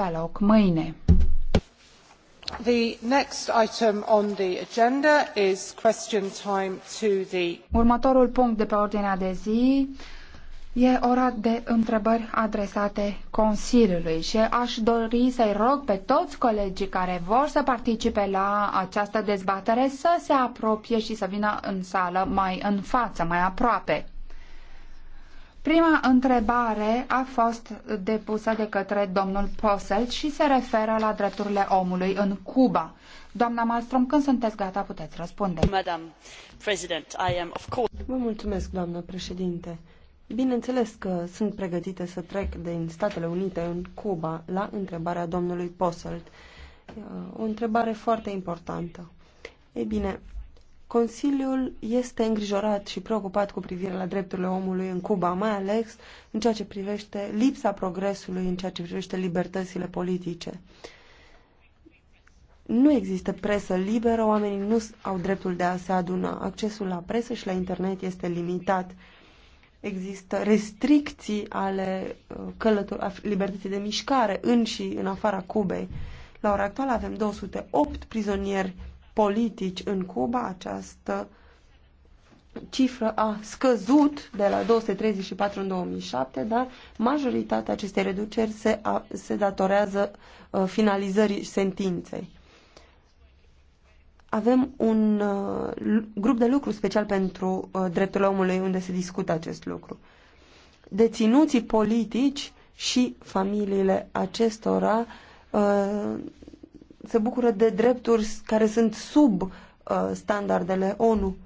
avea loc mâine. The next item on the agenda is question time to the... Următorul punct de pe ordinea de zi e ora de întrebări adresate Consiliului și aș dori să-i rog pe toți colegii care vor să participe la această dezbatere să se apropie și să vină în sală mai în față, mai aproape. Prima întrebare a fost depusă de către domnul Posel și se referă la drepturile omului în Cuba. Doamna Malmström, când sunteți gata, puteți răspunde. Madam President, I am of course... Vă mulțumesc, doamnă președinte. Bineînțeles că sunt pregătită să trec din Statele Unite în Cuba la întrebarea domnului Posselt. O întrebare foarte importantă. Ei bine, Consiliul este îngrijorat și preocupat cu privire la drepturile omului în Cuba, mai ales în ceea ce privește lipsa progresului, în ceea ce privește libertățile politice. Nu există presă liberă, oamenii nu au dreptul de a se aduna. Accesul la presă și la internet este limitat. Există restricții ale uh, libertății de mișcare în și în afara Cubei. La ora actuală avem 208 prizonieri politici în Cuba, această cifră a scăzut de la 234 în 2007, dar majoritatea acestei reduceri se, a, se datorează a, uh, finalizării sentinței. Avem un a, uh, grup de lucru special pentru a, uh, drepturile omului unde se discută acest lucru. Deținuții politici și familiile acestora a, se bucură de drepturi care sunt sub uh, standardele ONU.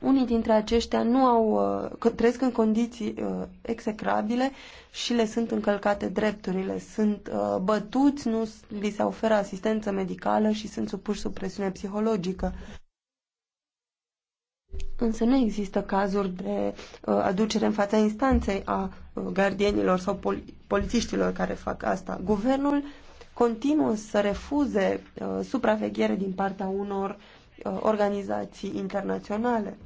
Unii dintre aceștia nu au, uh, trăiesc în condiții uh, execrabile și le sunt încălcate drepturile. Sunt uh, bătuți, nu li se oferă asistență medicală și sunt supuși sub presiune psihologică. Însă nu există cazuri de uh, aducere în fața instanței a uh, gardienilor sau pol polițiștilor care fac asta. Guvernul continuă să refuze uh, supraveghere din partea unor uh, organizații internaționale.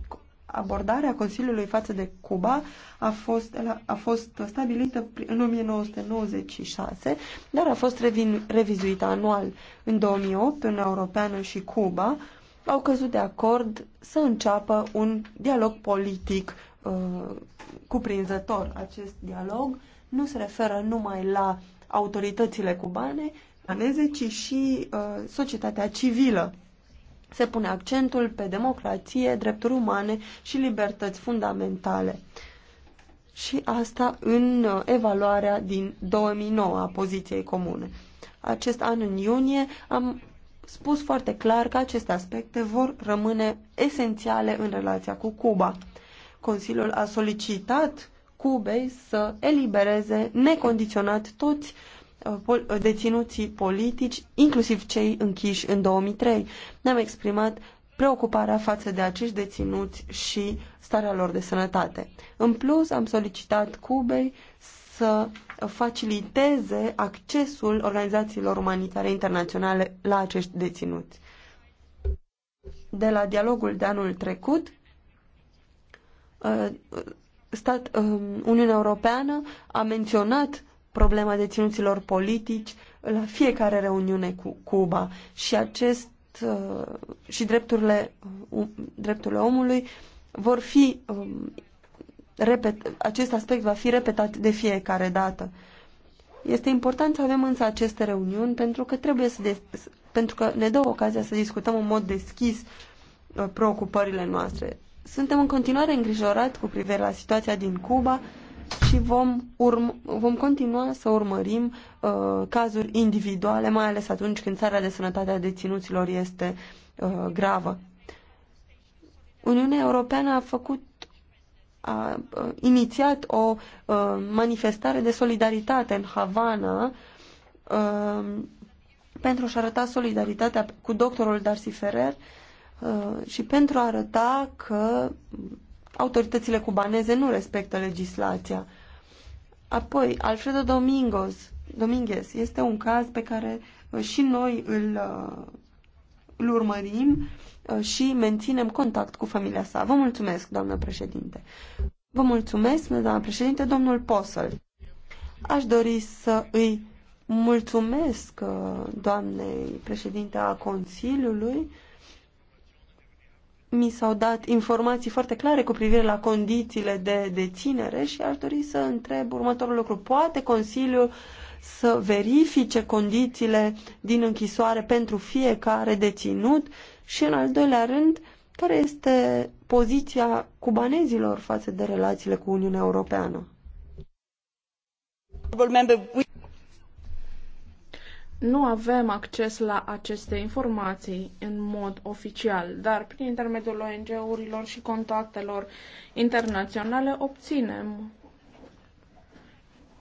Abordarea Consiliului față de Cuba a fost, a fost stabilită în 1996, dar a fost revin, revizuită anual. În 2008, în Europeană și Cuba, uh, au căzut de acord să înceapă un dialog politic uh, cuprinzător. Acest dialog nu se referă numai la autoritățile cubane, aneze, ci și uh, societatea civilă. Se pune accentul pe democrație, drepturi umane și libertăți fundamentale. Și asta în uh, evaluarea din 2009 a poziției comune. Acest an, în iunie, am spus foarte clar că aceste aspecte vor rămâne esențiale în relația cu Cuba. Consiliul a solicitat Cubei să elibereze necondiționat toți uh, uh, deținuții politici, inclusiv cei închiși în 2003. Ne-am exprimat preocuparea față de acești deținuți și starea lor de sănătate. În plus, am solicitat Cubei să faciliteze accesul organizațiilor umanitare internaționale la acești deținuți. De la dialogul de anul trecut, uh, stat, uh, Uniunea Europeană a menționat problema deținuților politici la fiecare reuniune cu Cuba și acest uh, și drepturile, drepturile omului vor fi um, repet, acest aspect va fi repetat de fiecare dată. Este important să avem însă aceste reuniuni pentru că, trebuie să de, pentru că ne dă ocazia să discutăm în mod deschis uh, preocupările noastre. Suntem în continuare îngrijorat cu privire la situația din Cuba și vom, urm- vom continua să urmărim uh, cazuri individuale, mai ales atunci când țara de sănătate a deținuților este uh, gravă. Uniunea Europeană a făcut a inițiat o manifestare de solidaritate în Havana pentru a-și arăta solidaritatea cu doctorul Darcy Ferrer și pentru a arăta că autoritățile cubaneze nu respectă legislația. Apoi, Alfredo Domingos, Dominguez este un caz pe care și noi îl îl urmărim uh, și menținem contact cu familia sa. Vă mulțumesc, doamnă președinte. Vă mulțumesc, doamnă președinte, domnul Posel. Aș dori să îi mulțumesc uh, doamnei președinte a Consiliului. Mi s-au dat informații foarte clare cu privire la condițiile de deținere și aș dori să întreb următorul lucru. Poate Consiliul să verifice condițiile din închisoare pentru fiecare deținut și, în al doilea rând, care este poziția cubanezilor față de relațiile cu Uniunea Europeană. Nu avem acces la aceste informații în mod oficial, dar prin intermediul ONG-urilor și contactelor internaționale obținem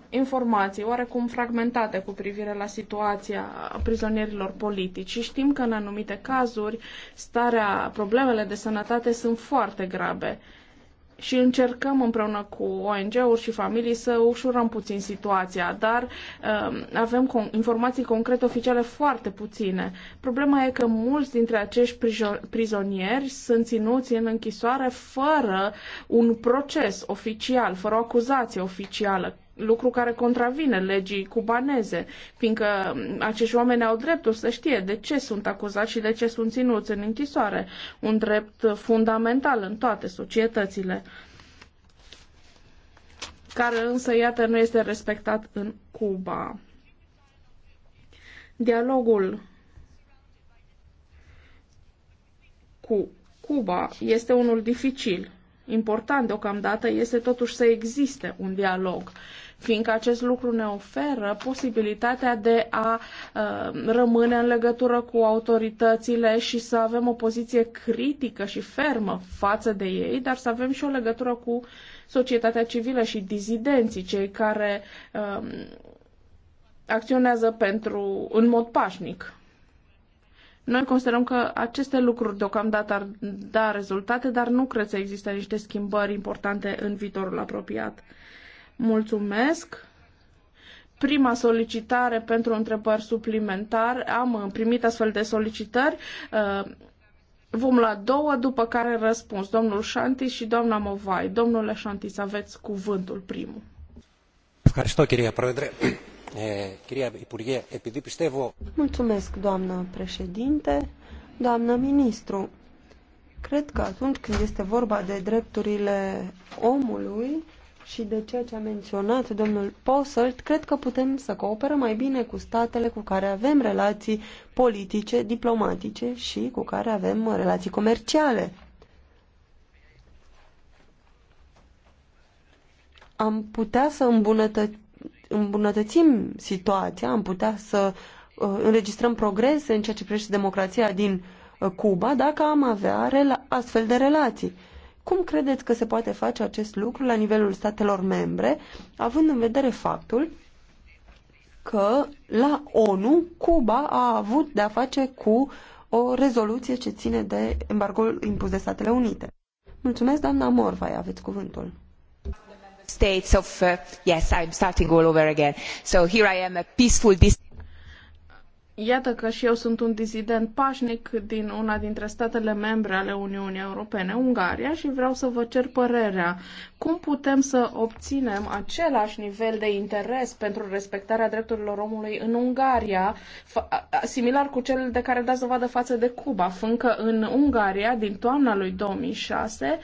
informații oarecum fragmentate cu privire la situația prizonierilor politici și știm că în anumite cazuri starea, problemele de sănătate sunt foarte grave și încercăm împreună cu ONG-uri și familii să ușurăm puțin situația, dar uh, avem con- informații concrete oficiale foarte puține. Problema e că mulți dintre acești prizonieri sunt ținuți în închisoare fără un proces oficial, fără o acuzație oficială lucru care contravine legii cubaneze, fiindcă acești oameni au dreptul să știe de ce sunt acuzați și de ce sunt ținuți în închisoare, un drept fundamental în toate societățile, care însă, iată, nu este respectat în Cuba. Dialogul cu Cuba este unul dificil. Important deocamdată este totuși să existe un dialog. Uh, fiindcă acest lucru ne oferă posibilitatea de a uh, rămâne în legătură cu autoritățile și să avem o poziție critică și fermă față de ei, dar să avem și o legătură cu societatea civilă și dizidenții, cei care um, acționează pentru, în mod pașnic. Noi considerăm că aceste lucruri deocamdată ar da rezultate, dar nu cred să există niște schimbări importante în viitorul apropiat. Mulțumesc! prima solicitare pentru întrebări suplimentare. Am uh, primit astfel de solicitări. Uh, vom la două, după care răspuns. Domnul Șanti și doamna Movai. Domnule Șanti, să aveți cuvântul primul. Mulțumesc, doamnă președinte, doamnă ministru. Cred că atunci când este vorba de drepturile omului, și de ceea ce a menționat domnul Posselt, cred că putem să cooperăm mai bine cu statele cu care avem relații politice, diplomatice și cu care avem relații comerciale. Am putea să îmbunătă îmbunătățim situația, am putea să uh, înregistrăm progrese în ceea ce privește democrația din uh, Cuba dacă am avea astfel de relații. Uh, cum credeți că se poate face acest lucru la nivelul statelor membre, având în vedere faptul că la ONU Cuba a avut de-a face cu o rezoluție ce ține de embargoul impus de Statele Unite? Mulțumesc, doamna Morvai, aveți cuvântul states of uh, yes I'm starting all over again so here i am a peaceful Iată că și eu sunt un dizident pașnic din una dintre statele membre ale Uniunii Europene, Ungaria, și vreau să vă cer părerea. Cum putem să obținem același nivel de interes pentru respectarea drepturilor omului în Ungaria, similar cu cel de care dați dovadă față de Cuba, fiindcă în Ungaria, din toamna lui 2006,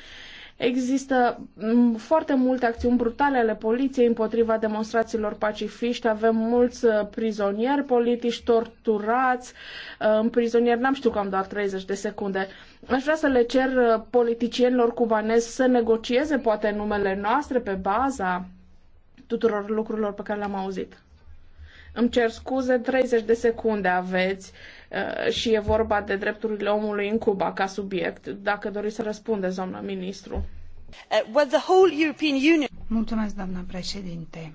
Există mm, foarte multe acțiuni brutale ale poliției împotriva demonstrațiilor pacifiști, avem mulți uh, prizonieri politici torturați, uh, prizonieri, n-am știut că am doar 30 de secunde. Aș vrea să le cer uh, politicienilor cubanezi să negocieze poate numele noastre pe baza tuturor lucrurilor pe care le-am auzit. Îmi cer scuze, 30 de secunde aveți uh, și e vorba de drepturile omului în Cuba ca subiect. Dacă doriți să răspundeți, doamna ministru. Uh, Mulțumesc, doamna președinte.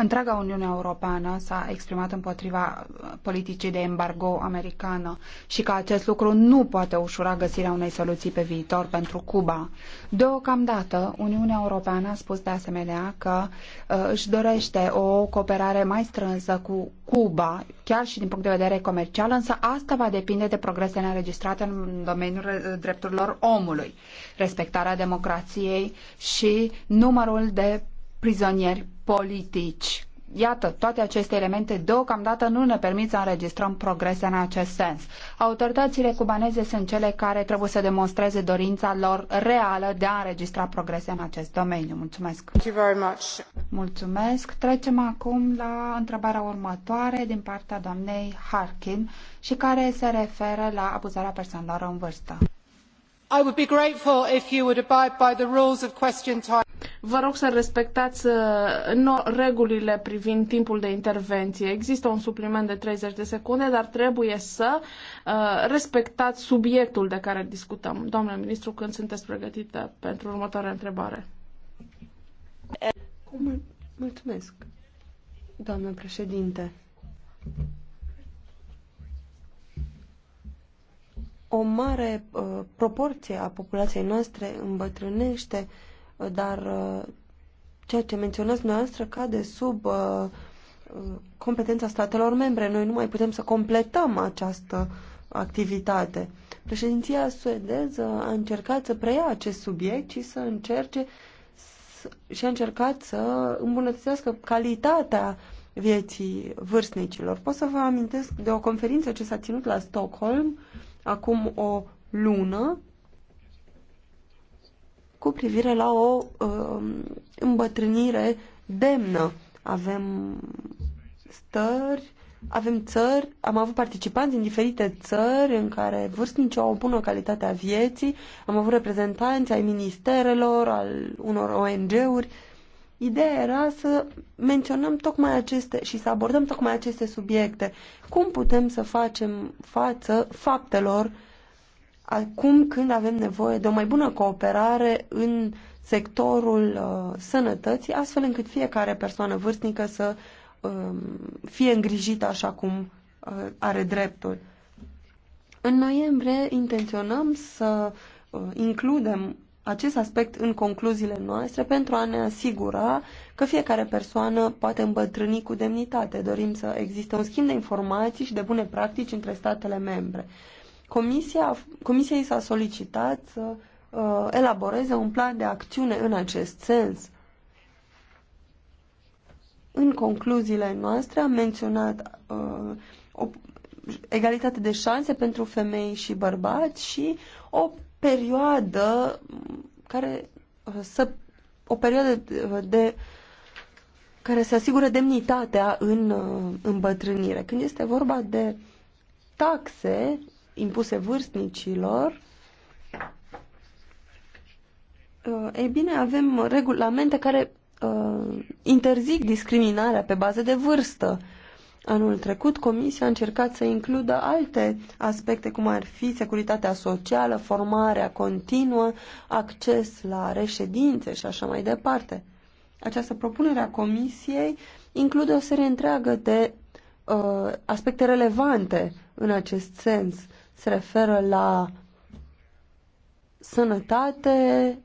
Întreaga Uniune Europeană s-a exprimat împotriva uh, politicii de embargo americană și că acest lucru nu poate ușura găsirea unei soluții pe viitor pentru Cuba. Deocamdată, Uniunea Europeană a spus de asemenea că uh, își dorește o cooperare mai strânsă cu Cuba, chiar și din punct de vedere comercial, însă asta va depinde de progresele înregistrate în domeniul uh, drepturilor omului, respectarea democrației și numărul de prizonieri politici. Iată, toate aceste elemente deocamdată nu ne permit să înregistrăm progrese în acest sens. Autoritățile cubaneze sunt cele care trebuie să demonstreze dorința lor reală de a înregistra progrese în acest domeniu. Mulțumesc! Thank you very much. Mulțumesc! Trecem acum la întrebarea următoare din partea doamnei Harkin și care se referă la abuzarea persoanelor în vârstă. I would be grateful if you would abide by the rules of question time. Vă rog să respectați uh, regulile privind timpul de intervenție. Există un supliment de 30 de secunde, dar trebuie să uh, respectați subiectul de care discutăm. domnule ministru, când sunteți pregătită pentru următoarea întrebare? Mulțumesc, doamnă președinte. O mare uh, proporție a populației noastre îmbătrânește uh, dar uh, ceea ce menționați noastră cade sub uh, uh, competența statelor membre. Noi nu mai putem să completăm această activitate. Președinția suedeză a încercat să preia acest subiect și să încerce și a încercat să îmbunătățească calitatea vieții vârstnicilor. Pot să vă amintesc de o conferință ce s-a ținut la Stockholm acum o lună cu privire la o uh, îmbătrânire demnă. Avem stări, avem țări, am avut participanți în diferite țări în care vârstnicii au o bună calitate a vieții, am avut reprezentanți ai ministerelor, al unor ONG-uri. Ideea era să menționăm tocmai aceste și să abordăm tocmai aceste subiecte. Cum putem să facem față faptelor acum când avem nevoie de o mai bună cooperare în sectorul uh, sănătății, astfel încât fiecare persoană vârstnică să uh, fie îngrijită așa cum uh, are dreptul. În noiembrie intenționăm să uh, includem acest aspect în concluziile noastre pentru a ne asigura că fiecare persoană poate îmbătrâni cu demnitate. Dorim să existe un schimb de informații și de bune practici între statele membre. Uh, Comisia, i s-a solicitat să uh, elaboreze un plan de acțiune în acest sens. În concluziile noastre am menționat uh, o egalitate de șanse pentru femei și bărbați și o perioadă care uh, să o perioadă de, uh, de care se asigure demnitatea în uh, îmbătrânire. Când este vorba de taxe, impuse vârstnicilor, uh, ei bine, avem regulamente care uh, interzic discriminarea pe bază de vârstă. Anul trecut, Comisia a încercat să includă alte aspecte, cum ar fi securitatea socială, formarea continuă, acces la reședințe și așa mai departe. Această propunere a Comisiei include o serie întreagă de uh, aspecte relevante în acest sens se referă la sănătate,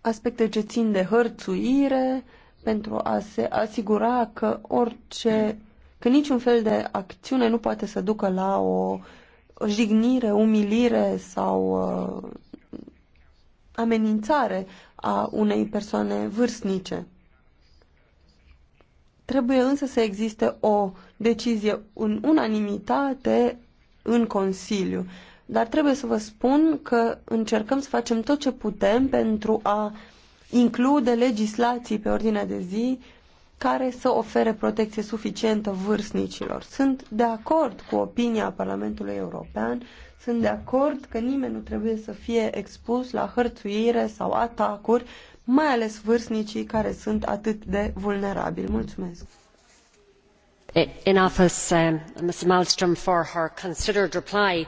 aspecte ce țin de hărțuire, pentru a se asigura că orice, că niciun fel de acțiune nu poate să ducă la o jignire, umilire sau uh, amenințare a unei persoane vârstnice. Trebuie însă să existe o decizie în unanimitate în Consiliu. Dar trebuie să vă spun că încercăm să facem tot ce putem pentru a include legislații pe ordinea de zi care să ofere protecție suficientă vârstnicilor. Sunt de acord cu opinia Parlamentului European, sunt de acord că nimeni nu trebuie să fie expus la hărțuire sau atacuri, mai ales vârstnicii care sunt atât de vulnerabili. Mulțumesc! in office ms um, malmstrm for her considered reply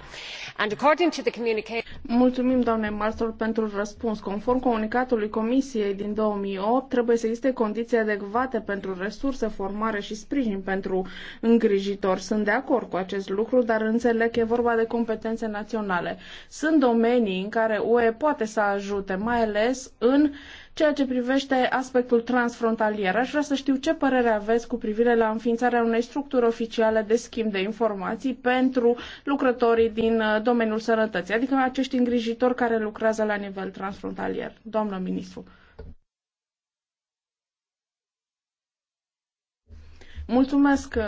mulțumim doamnei malmstrm pentru răspuns. conform comunicatului comisiei din 2008 trebuie să existe condiții adecvate pentru resurse formare și sprijin pentru îngrijitori. sunt de acord cu acest lucru dar înțeleg că e vorba de competențe naționale. sunt domenii în care ue poate să ajute mai ales în ceea ce privește aspectul transfrontalier. Aș vrea să știu ce părere aveți cu privire la înființarea unei structuri oficiale de schimb de informații pentru lucrătorii din uh, domeniul sănătății, adică acești îngrijitori care lucrează la nivel transfrontalier. Doamnă ministru. Mulțumesc uh,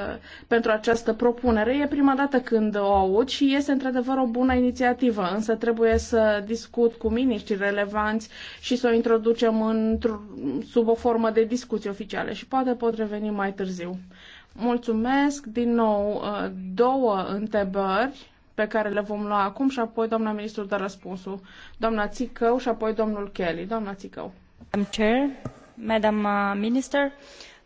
pentru această propunere. E prima dată când o aud și este într-adevăr o bună inițiativă, însă trebuie să discut cu miniștri relevanți și să o introducem sub o formă de discuții oficiale și poate pot reveni mai târziu. Mulțumesc din nou uh, două întrebări pe care le vom lua acum și apoi doamna ministru dă răspunsul. Doamna Țicău și apoi domnul Kelly. Doamna Țicău. Madam Chair, Madam uh, Minister,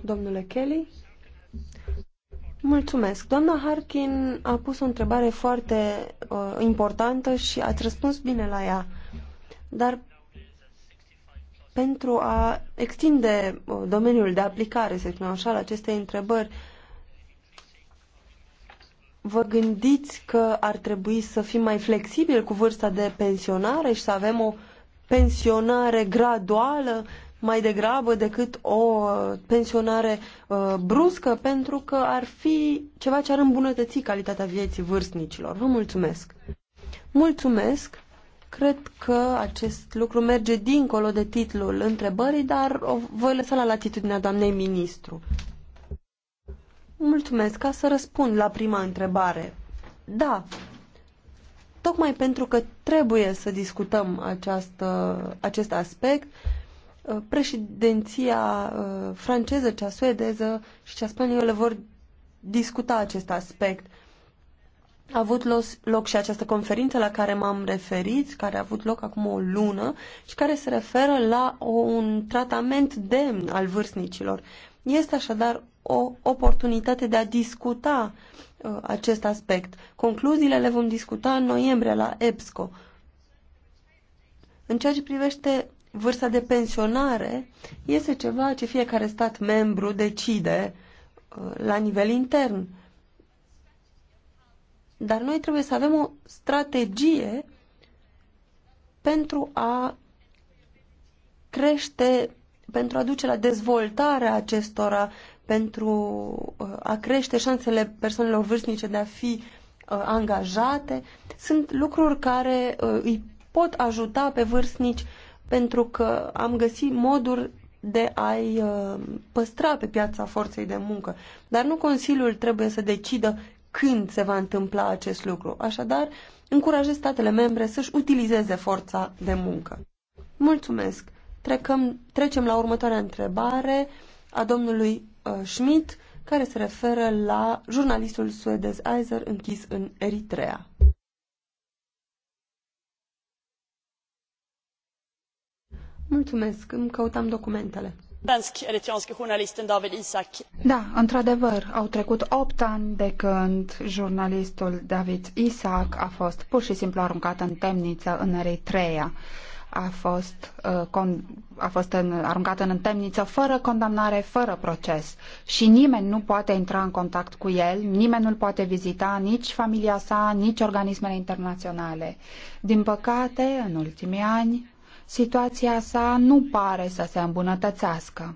Domnule Kelly, Doamna Harkin a pus o întrebare foarte uh, importantă și ați răspuns bine la ea. Dar pentru a extinde uh, domeniul de aplicare, să spunem așa, al acestei întrebări, vă gândiți că ar trebui să fim mai flexibili cu vârsta de pensionare și să avem o pensionare graduală mai degrabă decât o uh, pensionare uh, bruscă, pentru că ar fi ceva ce ar îmbunătăți calitatea vieții vârstnicilor. Vă mulțumesc! Mulțumesc! Cred că acest lucru merge dincolo de titlul întrebării, dar o voi lăsa la latitudinea doamnei ministru. Mulțumesc. Ca să răspund la prima întrebare. Da, tocmai pentru că trebuie să discutăm această, acest aspect, uh, președinția uh, franceză, cea suedeză și cea spaniolă vor discuta acest aspect. A avut loc și această conferință la care m-am referit, care a avut loc acum o lună și care se referă la un tratament demn al vârstnicilor. Este așadar o oportunitate de a discuta uh, acest aspect. Concluziile le vom discuta în noiembrie la EBSCO. În ceea ce privește vârsta de pensionare, este ceva ce fiecare stat membru decide uh, la nivel intern. Dar noi trebuie să avem o strategie pentru a crește, pentru a duce la dezvoltarea acestora, pentru uh, a crește șansele persoanelor vârstnice de a fi uh, angajate. Sunt lucruri care uh, îi pot ajuta pe vârstnici pentru că am găsit moduri de a-i păstra pe piața forței de muncă. Dar nu Consiliul trebuie să decidă când se va întâmpla acest lucru. Așadar, încurajez statele membre să-și utilizeze forța de muncă. Mulțumesc! Trecăm, trecem la următoarea întrebare a domnului Uh, Schmidt, care se referă la jurnalistul suedez Eiser închis în Eritrea. Mulțumesc, îmi căutam documentele. Da, într-adevăr, au trecut opt ani de când jurnalistul David Isaac a fost pur și simplu aruncat în temniță în Eritrea a fost, uh, a fost în, aruncat în temniță fără condamnare, fără proces. Și nimeni nu poate intra în contact cu el, nimeni nu-l poate vizita, nici familia sa, nici organismele internaționale. Din păcate, în ultimii ani, situația sa nu pare să se îmbunătățească.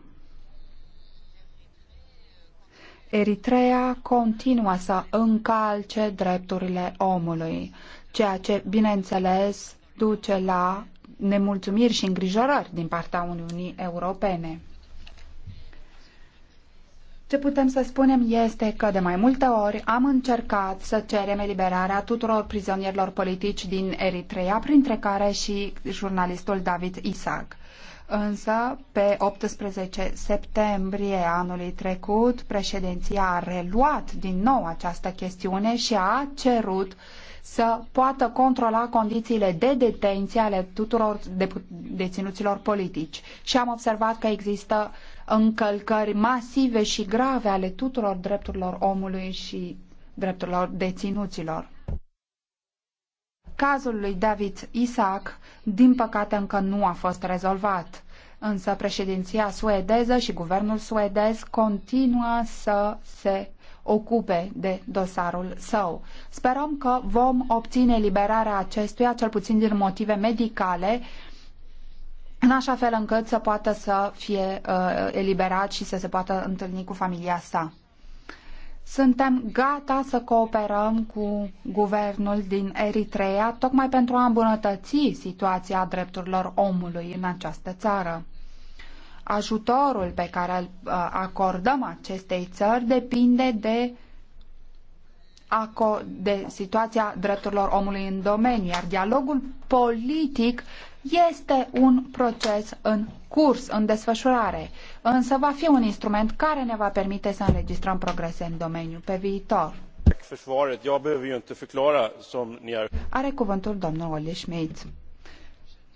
Eritrea continuă să încalce drepturile omului, ceea ce, bineînțeles, duce la nemulțumiri și îngrijorări din partea Uniunii Europene. Ce putem să spunem este că de mai multe ori am încercat să cerem eliberarea tuturor prizonierilor politici din Eritrea, printre care și jurnalistul David Isaac. Însă, pe 18 septembrie anului trecut, președinția a reluat din nou această chestiune și a cerut uh, să poată controla condițiile de detenție ale tuturor deținuților politici. Și am observat că există încălcări masive și grave ale tuturor drepturilor omului și drepturilor deținuților. Cazul lui David Isaac, din păcate, încă nu a fost rezolvat. Însă președinția suedeză și guvernul suedez continuă să se ocupe de dosarul său. Sperăm că vom obține liberarea acestuia, cel puțin din motive medicale, în așa fel încât să poată să fie uh, eliberat și să se poată întâlni cu familia sa. Suntem gata să cooperăm cu guvernul din Eritrea tocmai pentru a îmbunătăți situația drepturilor omului în această țară ajutorul pe care îl uh, acordăm acestei țări depinde de, de situația drepturilor omului în domeniu, iar dialogul politic este un proces în curs, în desfășurare, însă va fi un instrument care ne va permite să înregistrăm progrese în domeniu pe viitor. Are cuvântul domnul Olle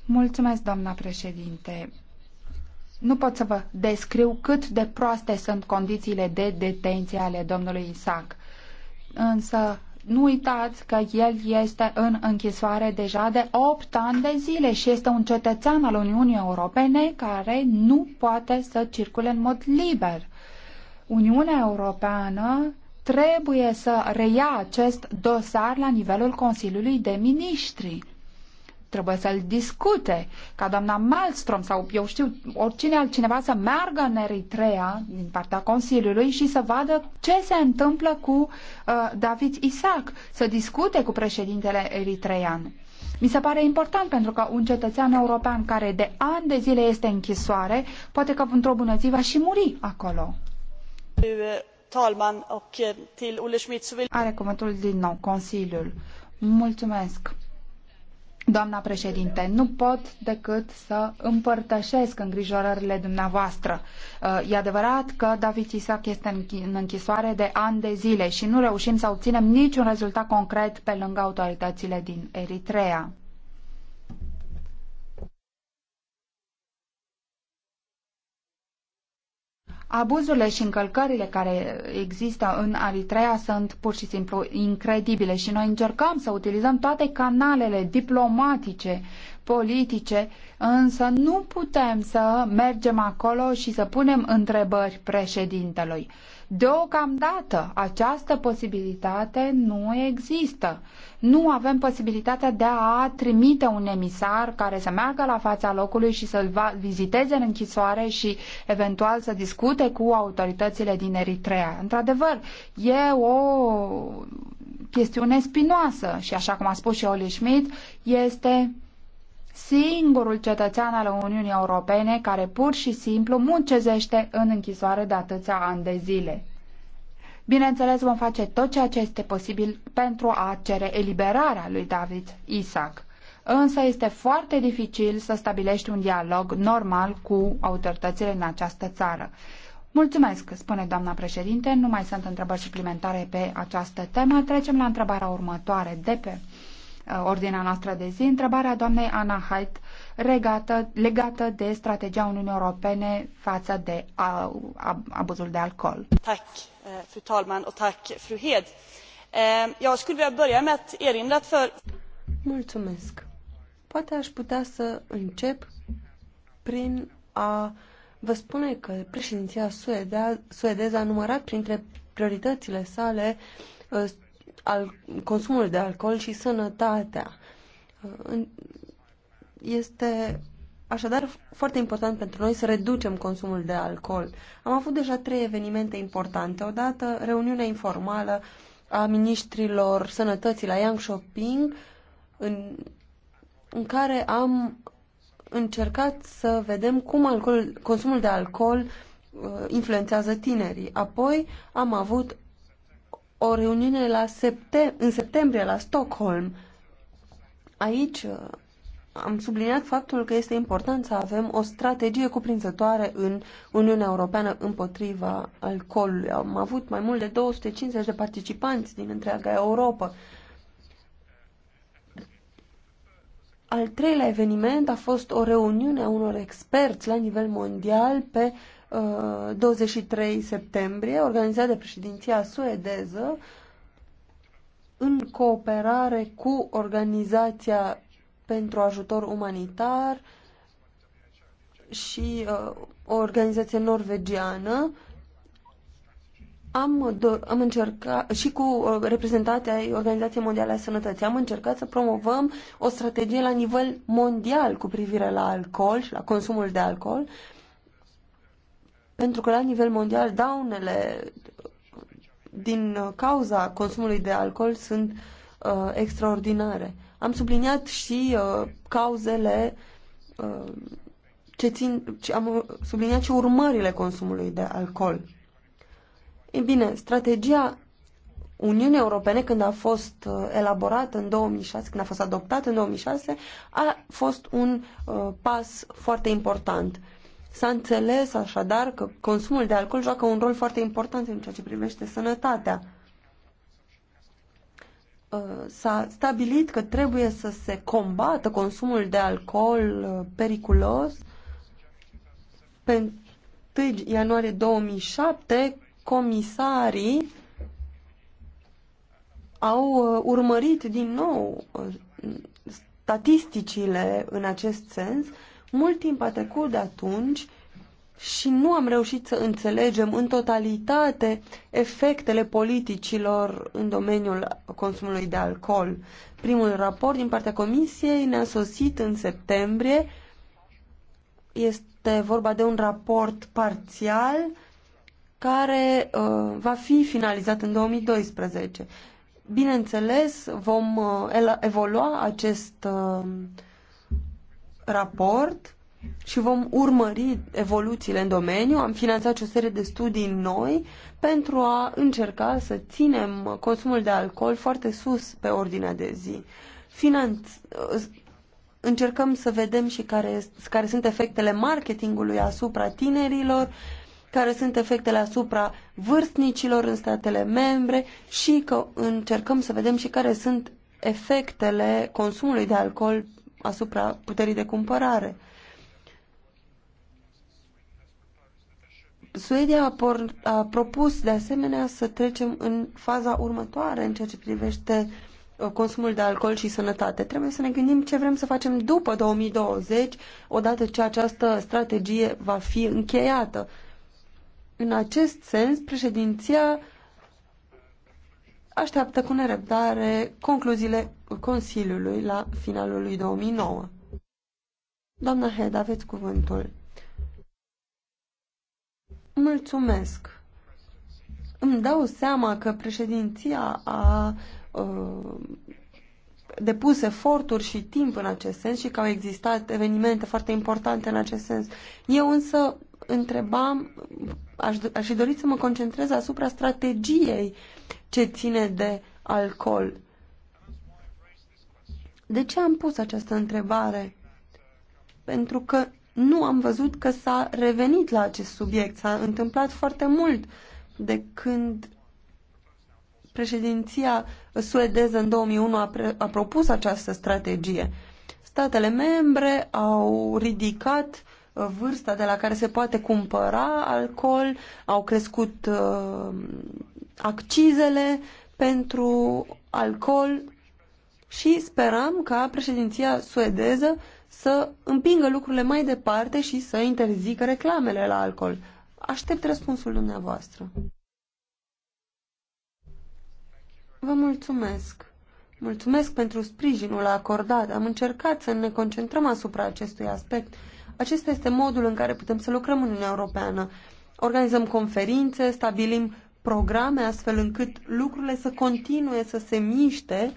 Mulțumesc, doamna președinte. Nu pot să vă descriu cât de proaste sunt condițiile de detenție ale domnului Isaac. Însă nu uitați că el este în închisoare deja de 8 ani de zile și este un cetățean al Uniunii Europene care nu poate să circule în mod liber. Uniunea Europeană trebuie să reia acest dosar la nivelul Consiliului de Ministri trebuie să-l discute, ca doamna Malmström sau eu știu, oricine altcineva să meargă în Eritrea din partea Consiliului și să vadă ce se întâmplă cu uh, David Isaac, să discute cu președintele eritrean. Mi se pare important pentru că un cetățean european care de ani de zile este închisoare, poate că într-o bună zi va și muri acolo. Eh, eh, Are cuvântul din nou Consiliul. Mulțumesc. Doamna președinte, nu pot decât să împărtășesc îngrijorările dumneavoastră. Uh, e adevărat că David Isac este în închisoare de ani de zile și nu reușim să obținem niciun rezultat concret pe lângă autoritățile din Eritrea. abuzurile și încălcările care există în Eritrea sunt pur și simplu incredibile și noi încercăm să utilizăm toate canalele diplomatice, politice, însă nu putem să mergem acolo și să punem întrebări președintelui. Deocamdată această posibilitate nu există. Nu avem posibilitatea de a trimite un emisar care să meargă la fața locului și să-l viziteze în închisoare și eventual să discute cu autoritățile din Eritrea. Într-adevăr, e o chestiune spinoasă și așa cum a spus și Oli Schmidt, este singurul cetățean al Uniunii Europene care pur și simplu muncezește în închisoare de atâția ani de zile. Bineînțeles, vom face tot ceea ce este posibil pentru a cere eliberarea lui David Isaac. Însă este foarte dificil să stabilești un dialog normal cu autoritățile în această țară. Mulțumesc, spune doamna președinte. Nu mai sunt întrebări suplimentare pe această temă. Trecem la întrebarea următoare de pe Uh, ordinea noastră de zi întrebarea doamnei Ana Haidt regată, legată de strategia Uniunii Europene față de a, uh, a, abuzul de alcool. Tack, eh, fru talman, o tack, fru Hed. Eh, jag skulle vilja börja med att erinra för... Mulțumesc. Poate aș putea să încep prin a vă spune că președinția suedeză a numărat printre prioritățile sale eh, al, consumul de alcool și sănătatea. Este așadar foarte important pentru noi să reducem consumul de alcool. Am avut deja trei evenimente importante. Odată, reuniunea informală a ministrilor sănătății la Shopping, în, în care am încercat să vedem cum alcool, consumul de alcool uh, influențează tinerii. Apoi am avut o reuniune la septem- în septembrie la Stockholm. Aici uh, am subliniat faptul că este important să avem o strategie cuprinzătoare în Uniunea Europeană împotriva alcoolului. Am avut mai mult de 250 de participanți din întreaga Europa. Al treilea eveniment a fost o reuniune a unor experți la nivel mondial pe uh, 23 uh, septembrie, organizat de președinția suedeză, în cooperare cu Organizația pentru Ajutor Umanitar și uh, o organizație norvegiană, am, am încercat și cu uh, reprezentanții ai Organizației Mondiale a Sănătății, am încercat să promovăm o strategie la nivel mondial cu privire la alcool și la consumul de alcool uh, pentru că la nivel mondial daunele din cauza consumului de alcool sunt uh, extraordinare. Am subliniat și uh, cauzele uh, ce țin, ce am subliniat și urmările consumului de alcool. E bine, strategia Uniunii Europene, când a fost uh, elaborată în 2006, când a fost adoptată în 2006, a fost un uh, pas foarte important. Uh, S-a înțeles așadar că consumul de alcool joacă un rol foarte important în ceea ce privește sănătatea. Uh, s-a stabilit că trebuie să se combată consumul de alcool uh, periculos. Pe 1 ianuarie 2007, comisarii au uh, urmărit din nou statisticile în acest sens mult timp a trecut de atunci și nu am reușit să înțelegem în totalitate efectele politicilor în domeniul consumului de alcool. Primul raport din partea Comisiei ne-a sosit în septembrie. Este vorba de un raport parțial care uh, va fi finalizat în 2012. Bineînțeles, vom uh, evolua acest uh, raport și vom urmări evoluțiile în domeniu. Am finanțat o serie de studii noi pentru a încerca să ținem consumul de alcool foarte sus pe ordinea de zi. Finanț... Încercăm să vedem și care, care sunt efectele marketingului asupra tinerilor, care sunt efectele asupra vârstnicilor în statele membre și că încercăm să vedem și care sunt efectele consumului de alcool asupra puterii de cumpărare. Suedia a, por, a propus de asemenea să trecem în faza următoare în ceea ce privește uh, consumul de alcool și sănătate. Trebuie să ne gândim ce vrem să facem după 2020, odată ce această strategie va fi încheiată. În acest sens, președinția așteaptă cu nerăbdare concluziile Consiliului la finalul lui 2009. Doamna Head, aveți cuvântul. Mulțumesc. Îmi dau seama că președinția a uh, depus eforturi și timp în acest sens și că au existat evenimente foarte importante în acest sens. Eu însă întreba, aș, aș fi dorit să mă concentrez asupra strategiei ce ține de alcool. De ce am pus această întrebare? Pentru că nu am văzut că s-a revenit la acest subiect. S-a întâmplat foarte mult de când președinția suedeză în 2001 a, pre- a propus această strategie. Statele membre au ridicat uh, vârsta de la care se poate cumpăra alcool, au crescut uh, accizele pentru alcool și sperăm ca președinția suedeză să împingă lucrurile mai departe și să interzică reclamele la alcool. Aștept răspunsul dumneavoastră. Vă mulțumesc. Mulțumesc pentru sprijinul acordat. Am încercat să ne concentrăm asupra acestui aspect acesta este modul în care putem să lucrăm în Uniunea Europeană. Organizăm conferințe, stabilim programe astfel încât lucrurile să continue să se miște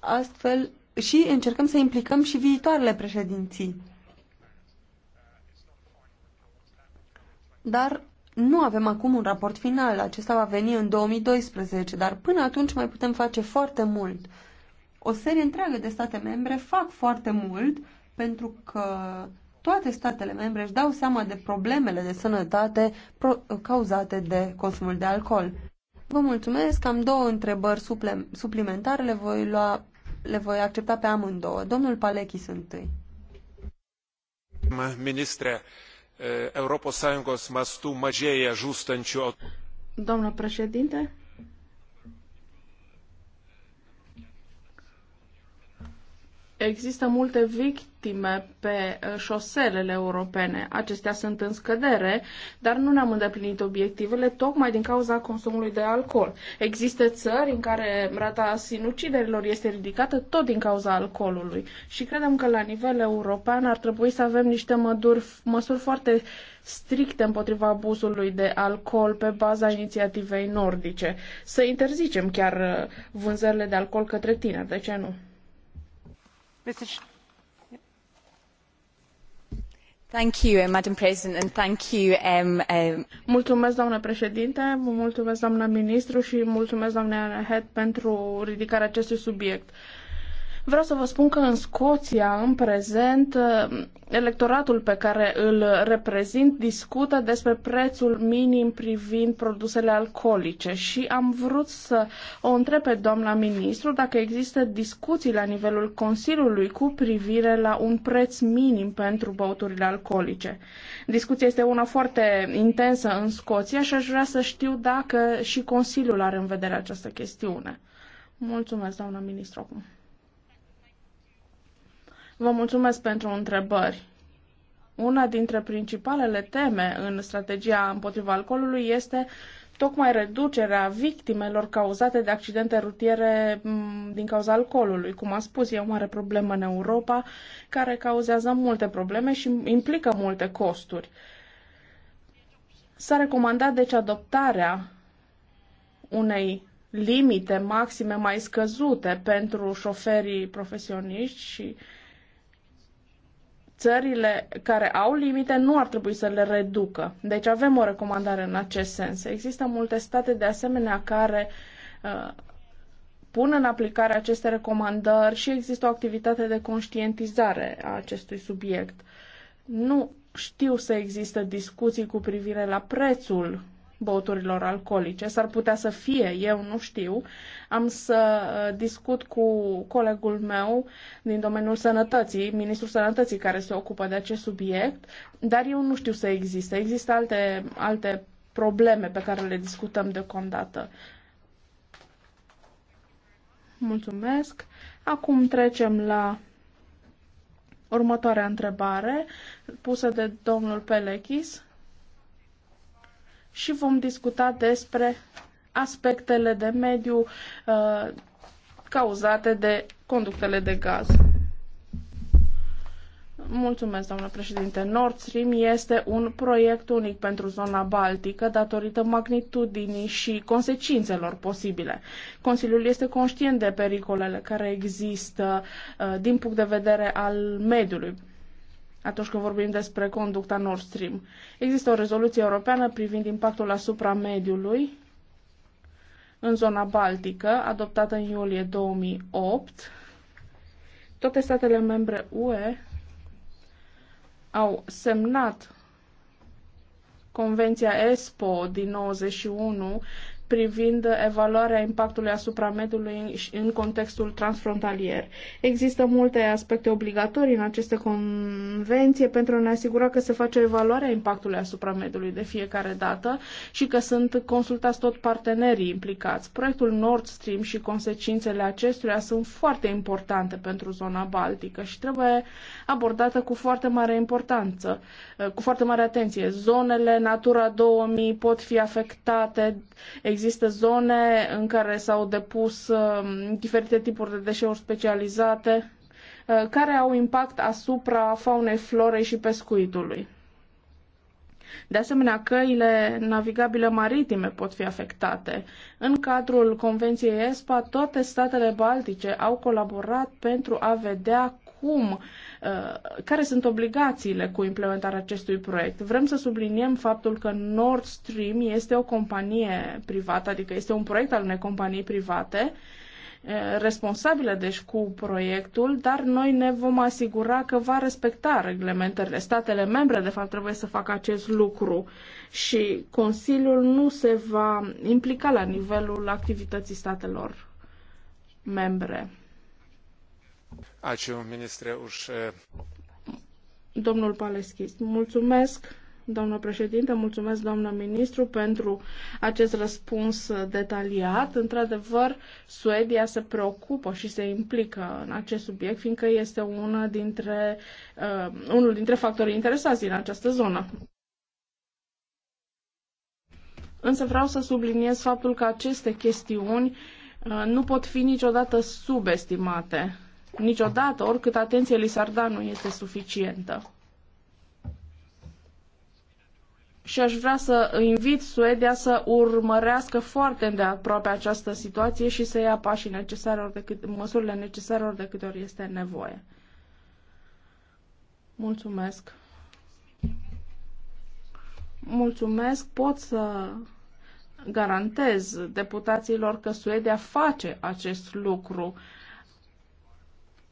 astfel și încercăm să implicăm și viitoarele președinții. Dar nu avem acum un raport final, acesta va veni în 2012, dar până atunci mai putem face foarte mult. O serie întreagă de state membre fac foarte mult pentru că toate statele membre își dau seama de problemele de sănătate cauzate de consumul de alcool. Vă mulțumesc, am două întrebări suplimentare, le voi, lua, le voi accepta pe amândouă. Domnul Palechis întâi. Ministre, eh, Europa Sąjungos mastu mažėja žūstančių. Domnul președinte, Există multe victime pe uh, șoselele europene. Acestea sunt în scădere, dar nu ne-am îndeplinit obiectivele tocmai din cauza consumului de alcool. Există țări în care rata sinuciderilor este ridicată tot din cauza alcoolului și credem că la nivel european ar trebui să avem niște măduri, măsuri foarte stricte împotriva abuzului de alcool pe baza inițiativei nordice. Să interzicem chiar uh, vânzările de alcool către tineri, de ce nu? Eh, Madam President, thank um, um, Mulțumesc, doamnă președinte, mulțumesc, doamnă ministru și mulțumesc, doamnă Head, pentru ridicarea acestui subiect. Vreau să vă spun că în Scoția, în prezent, uh, electoratul pe care îl reprezint discută despre prețul minim privind produsele alcoolice și am vrut să o întreb pe doamna ministru dacă există discuții la nivelul Consiliului cu privire la un preț minim pentru băuturile alcoolice. Discuția este una foarte intensă în Scoția și aș vrea să știu dacă și Consiliul are în vedere această chestiune. Mulțumesc, doamna ministru, acum. Vă mulțumesc pentru întrebări. Una dintre principalele teme în strategia împotriva alcoolului este tocmai reducerea victimelor cauzate de accidente rutiere din cauza alcoolului. Cum am spus, e o mare problemă în Europa care cauzează multe probleme și implică multe costuri. S-a recomandat deci adoptarea unei limite maxime mai scăzute pentru șoferii profesioniști și uh, țările care au limite nu ar trebui să le reducă. Deci avem o recomandare în acest sens. Există multe state de asemenea care uh, pun în aplicare aceste recomandări și există o activitate de conștientizare a acestui subiect. Nu știu să există discuții cu privire la prețul băuturilor alcoolice. S-ar putea să fie, eu nu știu. Am să uh, discut cu colegul meu din domeniul sănătății, ministrul sănătății care se ocupă de acest subiect, dar eu nu știu să existe. Există alte, alte probleme pe care le discutăm deocamdată. Mulțumesc. Acum trecem la următoarea întrebare pusă de domnul Pelechis și vom discuta despre aspectele de mediu uh, cauzate de conductele de gaz. Mulțumesc, doamnă președinte. Nord Stream este un proiect unic pentru zona baltică datorită magnitudinii și consecințelor posibile. Consiliul este conștient de pericolele care există uh, din punct de vedere al mediului atunci când vorbim despre conducta Nord Stream. Există o rezoluție europeană privind impactul asupra mediului în zona Baltică, adoptată în iulie 2008. Toate statele membre UE au semnat Convenția ESPO din 91 privind evaluarea impactului asupra mediului în contextul transfrontalier. Există multe aspecte obligatorii în aceste convenție pentru a ne asigura că se face evaluarea impactului asupra mediului de fiecare dată și că sunt consultați tot partenerii implicați. Proiectul Nord Stream și consecințele acestuia sunt foarte importante pentru zona baltică și trebuie abordată cu foarte mare importanță, cu foarte mare atenție. Zonele Natura 2000 pot fi afectate, există Există zone în care s-au depus um, diferite tipuri de deșeuri specializate uh, care au impact asupra faunei, florei și pescuitului. De asemenea, căile navigabile maritime pot fi afectate. În cadrul Convenției ESPA, toate statele baltice au colaborat pentru a vedea cum, uh, care sunt obligațiile cu implementarea acestui proiect. Vrem să subliniem faptul că Nord Stream este o companie privată, adică este un proiect al unei companii private, uh, responsabilă deci cu proiectul, dar noi ne vom asigura că va respecta reglementările. Statele membre, de fapt, trebuie să facă acest lucru și Consiliul nu se va implica la nivelul activității statelor membre. Aciu, ministre, Domnul Paleschis, mulțumesc, doamnă președinte, mulțumesc, doamnă ministru, pentru acest răspuns detaliat. Într-adevăr, Suedia se preocupă și se implică în acest subiect, fiindcă este una dintre, uh, unul dintre factorii interesați în această zonă. Însă vreau să subliniez faptul că aceste chestiuni nu pot fi niciodată subestimate niciodată, oricât atenție li s-ar da, nu este suficientă. Și aș vrea să invit Suedia să urmărească foarte îndeaproape această situație și să ia pașii necesare, ori de cât, măsurile necesare ori de câte ori este nevoie. Mulțumesc. Mulțumesc. Pot să garantez deputaților că Suedia face acest lucru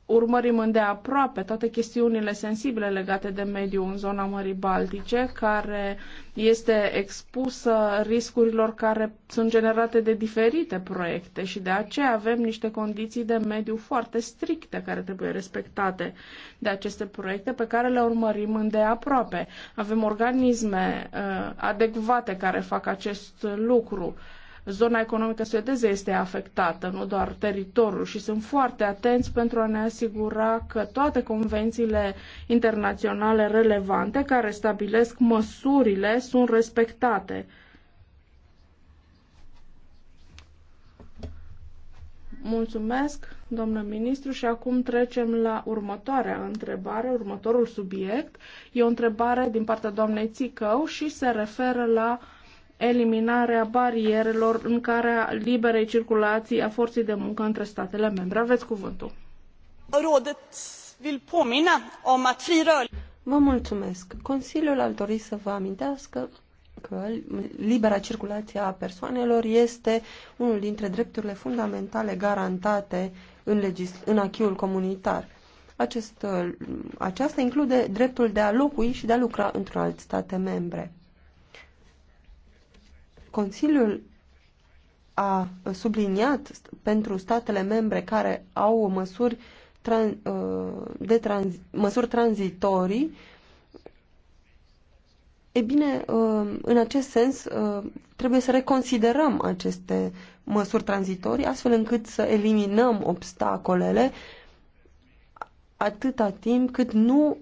urmărim îndeaproape toate chestiunile sensibile legate de mediu în zona Mării Baltice, care este expusă riscurilor care sunt generate de diferite proiecte și de aceea avem niște condiții de mediu foarte stricte care trebuie respectate de aceste proiecte pe care le urmărim îndeaproape. Avem organisme uh, adecvate care fac acest lucru. Uh, zona economică suedeză este afectată, nu doar teritoriul și sunt foarte atenți pentru a ne asigura că toate convențiile internaționale relevante care stabilesc măsurile sunt respectate. Mulțumesc, domnule ministru, și acum trecem la următoarea întrebare, următorul subiect. E o întrebare din partea doamnei Țicău și se referă la eliminarea barierelor în care liberei circulații a forței de muncă între statele membre. Aveți cuvântul. Rådet vill påminna om att fri Vă mulțumesc. Consiliul ar dori să vă amintească că libera circulație a persoanelor este unul dintre drepturile fundamentale garantate în, legis- în achiul comunitar. Acest, aceasta include dreptul de a locui și de a lucra într-un alt state membre. Consiliul a subliniat pentru statele membre care au măsuri, tran, uh, de tranz, măsuri tranzitorii, e bine, uh, în acest sens, uh, trebuie să reconsiderăm aceste măsuri tranzitorii, astfel încât să eliminăm obstacolele atâta timp cât nu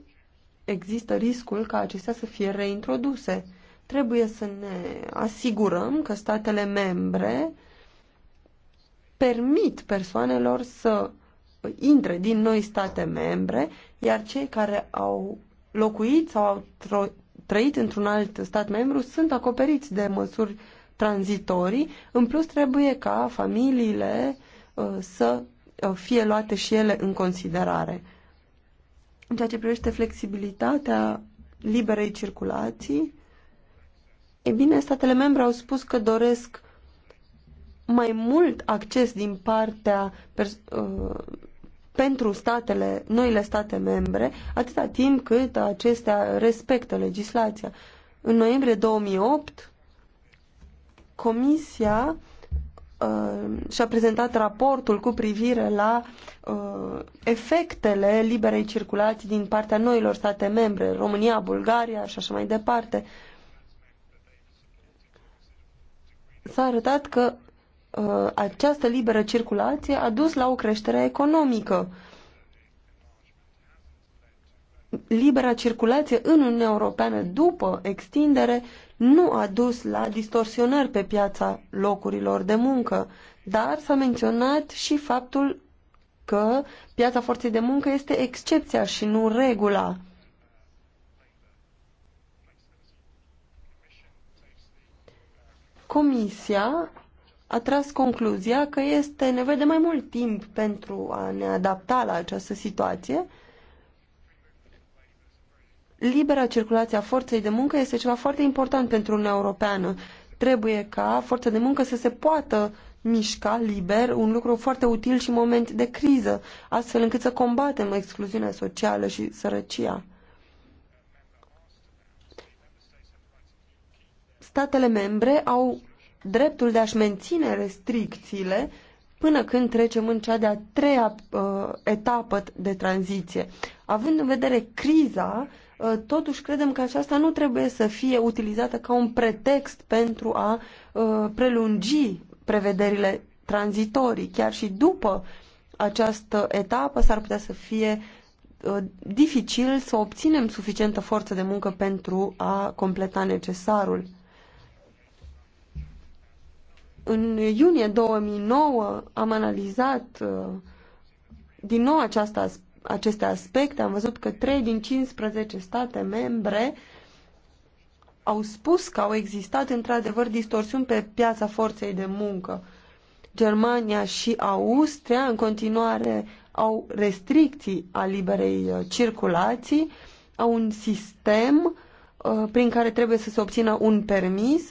există riscul ca acestea să fie reintroduse Trebuie să ne asigurăm că statele membre permit persoanelor să intre din noi state membre, iar cei care au locuit sau au trăit într-un alt stat membru sunt acoperiți de măsuri tranzitorii. În plus, trebuie ca familiile uh, să uh, fie luate și ele în considerare. În ceea ce privește flexibilitatea liberei circulații, E bine, statele membre au spus că doresc mai mult acces din partea uh, pentru statele, noile state membre, atâta timp cât acestea respectă legislația. În noiembrie 2008, Comisia uh, și-a prezentat raportul cu privire la uh, efectele liberei circulații din partea noilor state membre, România, Bulgaria și așa mai departe. Uh, s-a arătat că uh, această liberă circulație a dus la o creștere economică. Libera circulație în Uniunea Europeană după extindere nu a dus la distorsionări pe piața locurilor de muncă, dar s-a menționat și faptul că piața forței de muncă este excepția și nu regula. Comisia a tras concluzia că este nevoie de mai mult timp pentru a ne adapta la această situație. Libera circulație a forței de muncă este ceva foarte important pentru Uniunea Europeană. Trebuie ca forța de muncă să se poată mișca liber, un lucru foarte util și în moment de criză, astfel încât să combatem excluziunea socială și sărăcia. statele membre au dreptul de a-și menține restricțiile până când trecem în cea de-a treia uh, etapă de tranziție. Având în vedere criza, uh, totuși credem că aceasta nu trebuie să fie utilizată ca un pretext pentru a uh, prelungi prevederile tranzitorii. Chiar și după această etapă s-ar putea să fie uh, dificil să obținem suficientă forță de muncă pentru a completa necesarul. În iunie 2009 am analizat uh, din nou această, aceste aspecte. Am văzut că 3 din 15 state membre au spus că au existat într-adevăr distorsiuni pe piața forței de muncă. Germania și Austria în continuare au restricții a liberei uh, circulații, au un sistem uh, prin care trebuie să se obțină un permis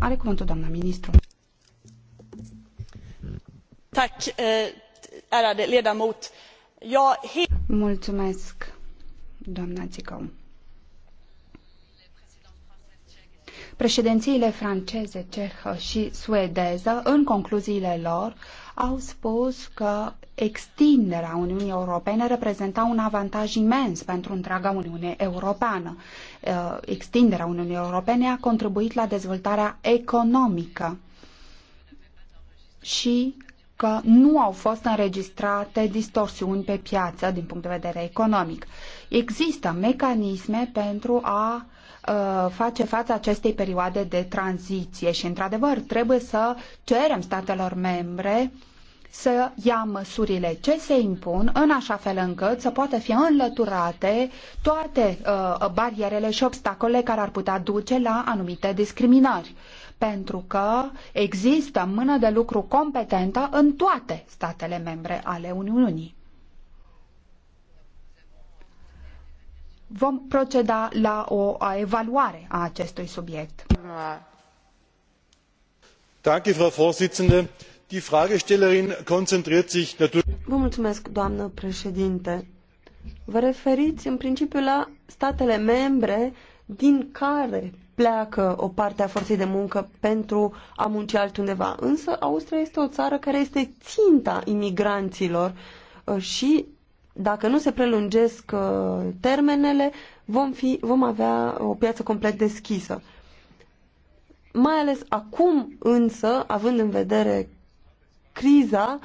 Are cuvântul doamna ministru. Eh, Mulțumesc, doamna Zicău. Președințiile franceze, cehă și suedeză, în concluziile lor, au spus că extinderea Uniunii Europene reprezenta un avantaj imens pentru întreaga Uniune Europeană. Uh, extinderea Uniunii Europene a contribuit la dezvoltarea economică și că nu au fost înregistrate distorsiuni pe piață din punct de vedere economic. Există mecanisme pentru a Uh, face față acestei perioade de tranziție și, într-adevăr, trebuie să cerem statelor membre să ia măsurile ce se impun în așa fel încât să poată fi înlăturate toate uh, barierele și obstacolele care ar putea duce la anumite discriminări pentru că există mână de lucru competentă în toate statele membre ale Uniunii. vom proceda la o evaluare a acestui subiect. frau präsidentin! die fragestellerin konzentriert sich natürlich. vă referiți în principiu la statele membre din care pleacă o parte a forței de muncă pentru a munci altundeva. Însă Austria este o țară care este ținta imigranților uh, și dacă nu se prelungesc uh, termenele, vom, fi, vom avea o piață complet deschisă. Mai ales acum însă, având în vedere criza,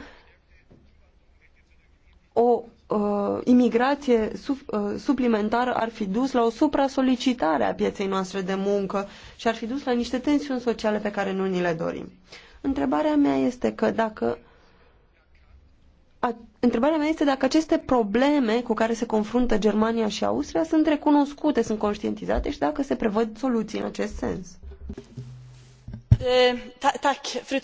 o uh, imigrație sub, uh, suplimentară ar fi dus la o supra-solicitare a pieței noastre de muncă și ar fi dus la niște tensiuni sociale pe care nu ni le dorim. Întrebarea mea este că dacă a, întrebarea mea este dacă aceste probleme cu care se confruntă Germania și Austria sunt recunoscute, sunt conștientizate și dacă se prevăd soluții în acest sens. Eh,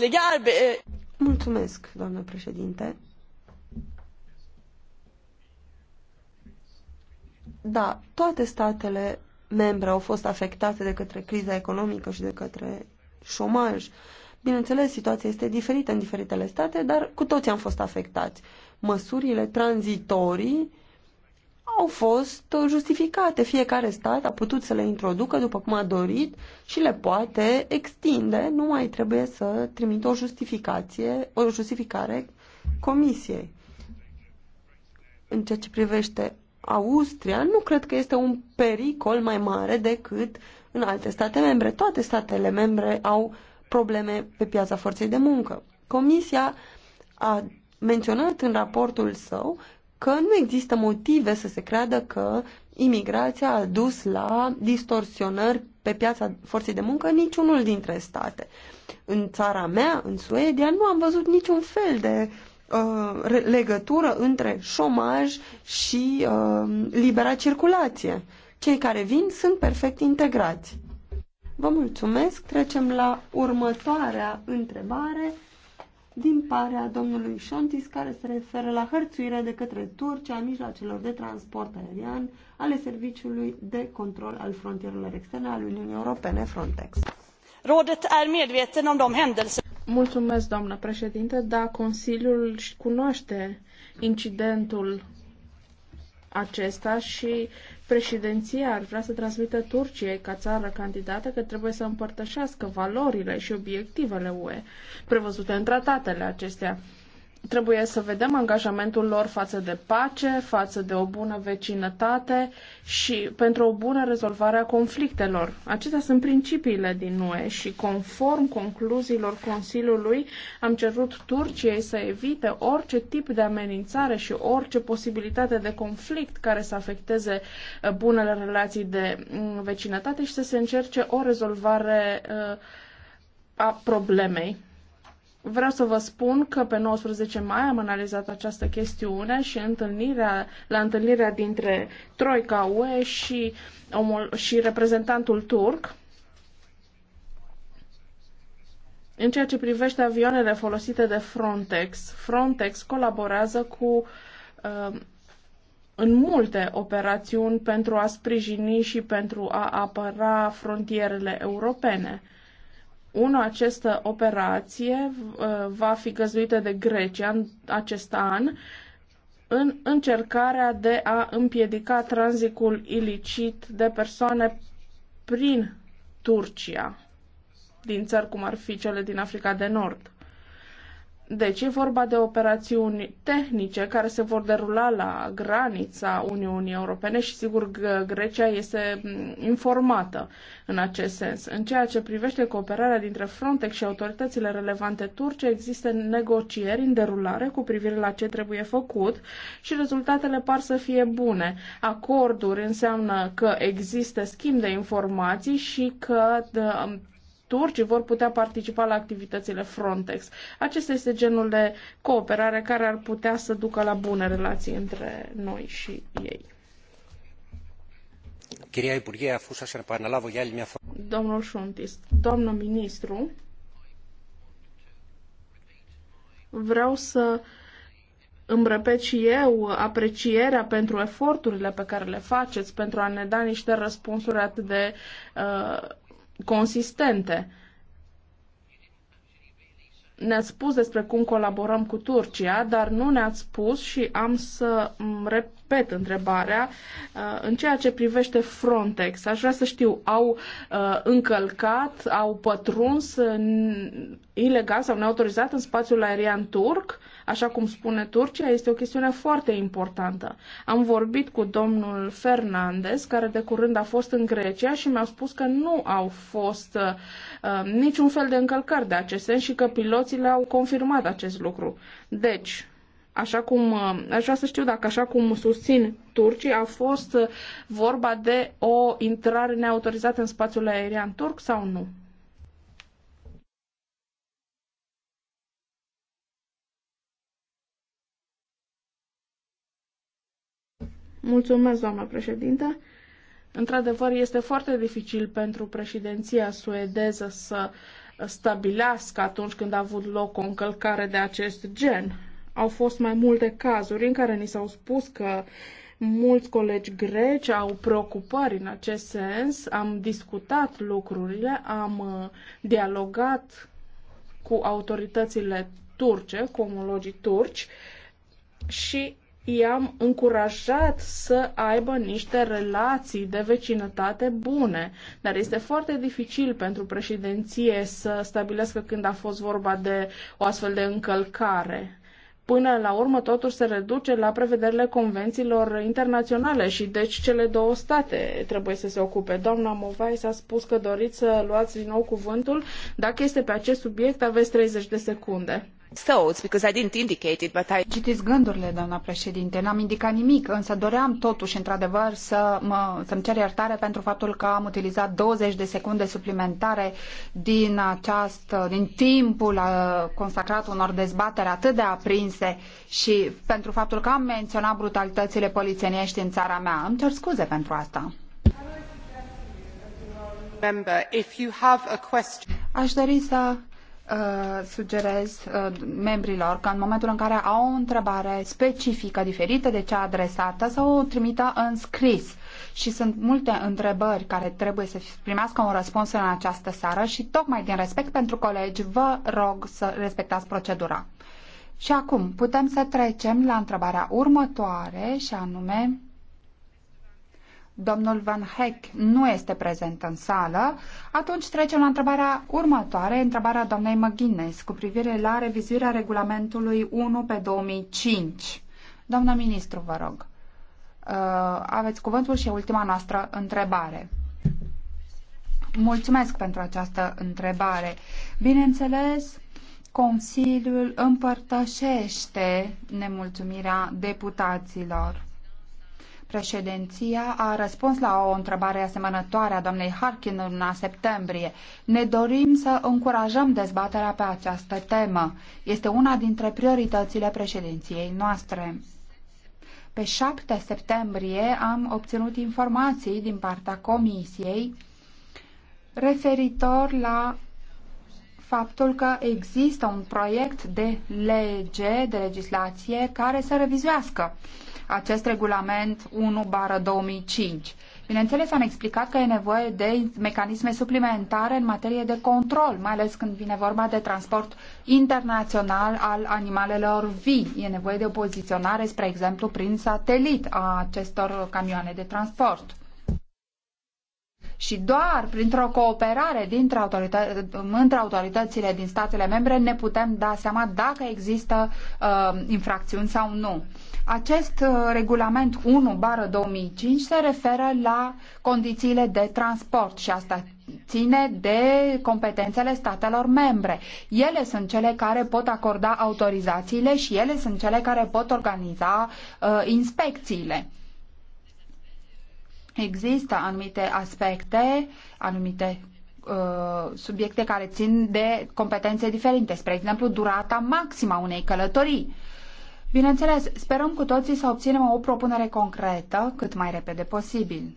eh. Mulțumesc, doamnă președinte. Da, toate statele membre au fost afectate de către criza economică și de către șomaj. Uh, Bineînțeles, situația este diferită în diferitele state, dar cu toți am fost afectați. Măsurile tranzitorii au fost justificate. Fiecare stat a putut să le introducă după cum a dorit și le poate extinde. Nu mai trebuie să trimită o justificație, o justificare comisiei. În ceea ce privește Austria, nu cred că este un pericol mai mare decât în alte state membre. Toate statele membre au uh, probleme pe piața forței de muncă. Comisia a menționat în raportul său că nu există motive să se creadă că imigrația a dus la distorsionări pe piața forței de muncă niciunul dintre state. În țara mea, în Suedia, nu am văzut niciun fel de uh, legătură între șomaj și uh, libera circulație. Cei care vin sunt perfect integrați. Vă mulțumesc. Trecem la următoarea întrebare din parea domnului Șontis, care se referă la hărțuirea de către Turcia a mijloacelor de transport aerian ale Serviciului de Control al Frontierelor Externe al Uniunii Europene, Frontex. Rodet är medveten om de händelser... Mulțumesc, doamnă președinte, da, Consiliul cunoaște incidentul acesta și uh, Președinția ar vrea să transmită Turciei ca țară candidată că trebuie să împărtășească valorile și obiectivele UE prevăzute în tratatele acestea. Trebuie să vedem angajamentul lor față de pace, față de o bună vecinătate și pentru o bună rezolvare a conflictelor. Acestea sunt principiile din UE și conform concluziilor Consiliului am cerut Turciei să evite orice tip de amenințare și orice posibilitate de conflict care să afecteze uh, bunele relații de mm, vecinătate și să se încerce o rezolvare uh, a problemei. Vreau să vă spun că pe 19 mai am analizat această chestiune și întâlnirea, la întâlnirea dintre Troica UE și, omul, și reprezentantul turc, în ceea ce privește avioanele folosite de Frontex, Frontex colaborează cu uh, în multe operațiuni pentru a sprijini și pentru a apăra frontierele europene. 1. Această operație uh, va fi găzduită de Grecia în acest an în încercarea de a împiedica tranzicul ilicit de persoane prin Turcia, din țări cum ar fi cele din Africa de Nord. Deci e vorba de operațiuni tehnice care se vor derula la granița Uniunii Europene și sigur Grecia este informată în acest sens. În ceea ce privește cooperarea dintre Frontex și autoritățile relevante turce, există negocieri în derulare cu privire la ce trebuie făcut și rezultatele par să fie bune. Acorduri înseamnă că există schimb de informații și că turcii vor putea participa la activitățile Frontex. Acesta este genul de cooperare care ar putea să ducă la bune relații între noi și ei. Domnul Șuntis, domnul ministru, vreau să îmi repet și eu aprecierea pentru eforturile pe care le faceți pentru a ne da niște răspunsuri atât de uh, consistente. Ne-ați spus despre cum colaborăm cu Turcia, dar nu ne-ați spus și am să rep repet întrebarea, uh, în ceea ce privește Frontex, aș vrea să știu, au uh, încălcat, au pătruns uh, ilegal sau neautorizat în spațiul aerian turc, așa cum spune Turcia, este o chestiune foarte importantă. Am vorbit cu domnul Fernandez, care de curând a fost în Grecia și mi-a spus că nu au fost uh, niciun fel de încălcări de acest sens și că piloții le-au confirmat acest lucru. Deci, așa cum, uh, aș vrea să știu dacă, așa cum susțin turcii, a fost uh, vorba de o intrare neautorizată în spațiul aerian turc sau nu. Mulțumesc, doamnă președinte. Într-adevăr, este foarte dificil pentru președinția suedeză să stabilească atunci când a avut loc o încălcare de acest gen au fost mai multe cazuri în care ni s-au spus că mulți colegi greci au preocupări în acest sens. Am discutat lucrurile, am uh, dialogat cu autoritățile turce, cu omologii turci și i-am încurajat să aibă niște relații de vecinătate bune, dar este foarte dificil pentru președinție să stabilească când a fost vorba de o astfel de încălcare până la urmă totul se reduce la prevederile convențiilor internaționale și deci cele două state trebuie să se ocupe. Doamna Movai s-a spus că doriți să luați din nou cuvântul. Dacă este pe acest subiect, aveți 30 de secunde thoughts because I didn't indicate it, but I... Citiți gândurile, doamna președinte. N-am indicat nimic, însă doream totuși, într-adevăr, să mă, să-mi cer iertare pentru faptul că am utilizat 20 de secunde suplimentare din, această, din timpul uh, consacrat unor dezbatere atât de aprinse și pentru faptul că am menționat brutalitățile polițienești în țara mea. Îmi cer scuze pentru asta. Member, if you have a question. Aș dori să Uh, sugerez uh, membrilor că în momentul în care au o întrebare specifică diferită de cea adresată să o trimită în scris. Și sunt multe întrebări care trebuie să primească un răspuns în această seară și tocmai din respect pentru colegi vă rog să respectați procedura. Și acum putem să trecem la întrebarea următoare și anume domnul Van Heck nu este prezent în sală, atunci trecem la întrebarea următoare, întrebarea doamnei McGuinness cu privire la revizuirea regulamentului 1 pe 2005. Doamna ministru, vă rog, uh, aveți cuvântul și ultima noastră întrebare. Mulțumesc pentru această întrebare. Bineînțeles, Consiliul împărtășește nemulțumirea deputaților Președinția a răspuns la o întrebare asemănătoare a doamnei Harkin în luna septembrie. Ne dorim să încurajăm dezbaterea pe această temă. Este una dintre prioritățile președinției noastre. Pe 7 septembrie am obținut informații din partea Comisiei referitor la faptul că există un proiect de lege, de legislație, care să revizuiască uh, acest regulament 1-2005. Bineînțeles, am explicat că e nevoie de mecanisme suplimentare în materie de control, mai ales când vine vorba de transport internațional al animalelor vii. E nevoie de o poziționare, spre exemplu, prin satelit a acestor camioane de transport și doar printr-o cooperare dintre autorită- între autoritățile din statele membre ne putem da seama dacă există uh, infracțiuni sau nu. Acest uh, regulament 1 bară 2005 se referă la condițiile de transport și asta ține de competențele statelor membre. Ele sunt cele care pot acorda autorizațiile și ele sunt cele care pot organiza uh, inspecțiile. Există anumite aspecte, anumite uh, subiecte care țin de competențe diferite, spre exemplu durata maximă a unei călătorii. Bineînțeles, sperăm cu toții să obținem o propunere concretă cât mai repede posibil.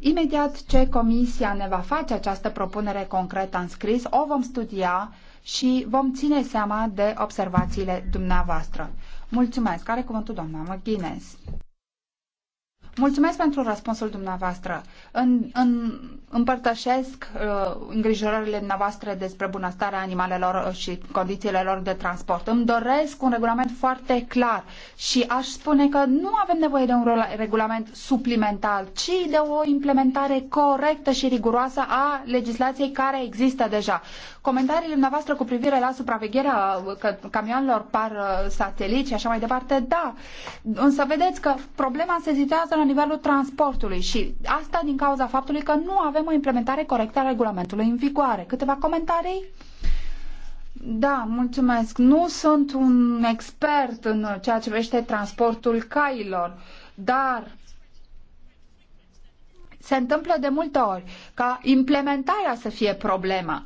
Imediat ce Comisia ne va face această propunere concretă în scris, o vom studia și vom ține seama de observațiile dumneavoastră. Mulțumesc. Care cuvântul doamna McGuinness. Mulțumesc pentru răspunsul dumneavoastră. În, în, împărtășesc uh, îngrijorările dumneavoastră despre bunăstarea animalelor uh, și condițiile lor de transport. Îmi doresc un regulament foarte clar și aș spune că nu avem nevoie de un regulament suplimentar, ci de o implementare corectă și riguroasă a legislației care există deja. Comentariile noastre cu privire la supravegherea camioanelor par uh, satelit și așa mai departe, da. Însă vedeți că problema se situează la nivelul transportului și asta din cauza faptului că nu avem o implementare corectă a regulamentului în vigoare. Câteva comentarii? Da, mulțumesc. Nu sunt un expert în ceea ce vește transportul cailor, dar se întâmplă de multe ori ca implementarea să fie problema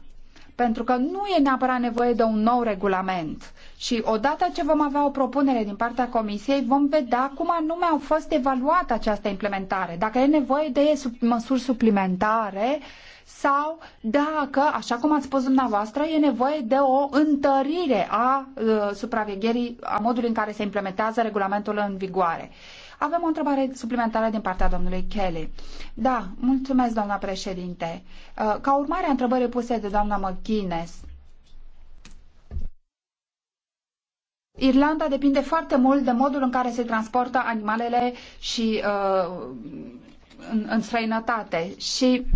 pentru că nu e neapărat nevoie de un nou regulament. Și odată ce vom avea o propunere din partea Comisiei, vom vedea cum anume au fost evaluată această implementare, dacă e nevoie de măsuri suplimentare sau dacă, așa cum ați spus dumneavoastră, e nevoie de o întărire a uh, supravegherii, a modului în care se implementează regulamentul în vigoare. Uh, avem o întrebare suplimentară din partea domnului Kelly. Da, mulțumesc, doamna președinte. Uh, ca urmare a întrebării puse de doamna McGuinness, Irlanda depinde foarte mult de modul în care se transportă animalele și uh, în, în străinătate și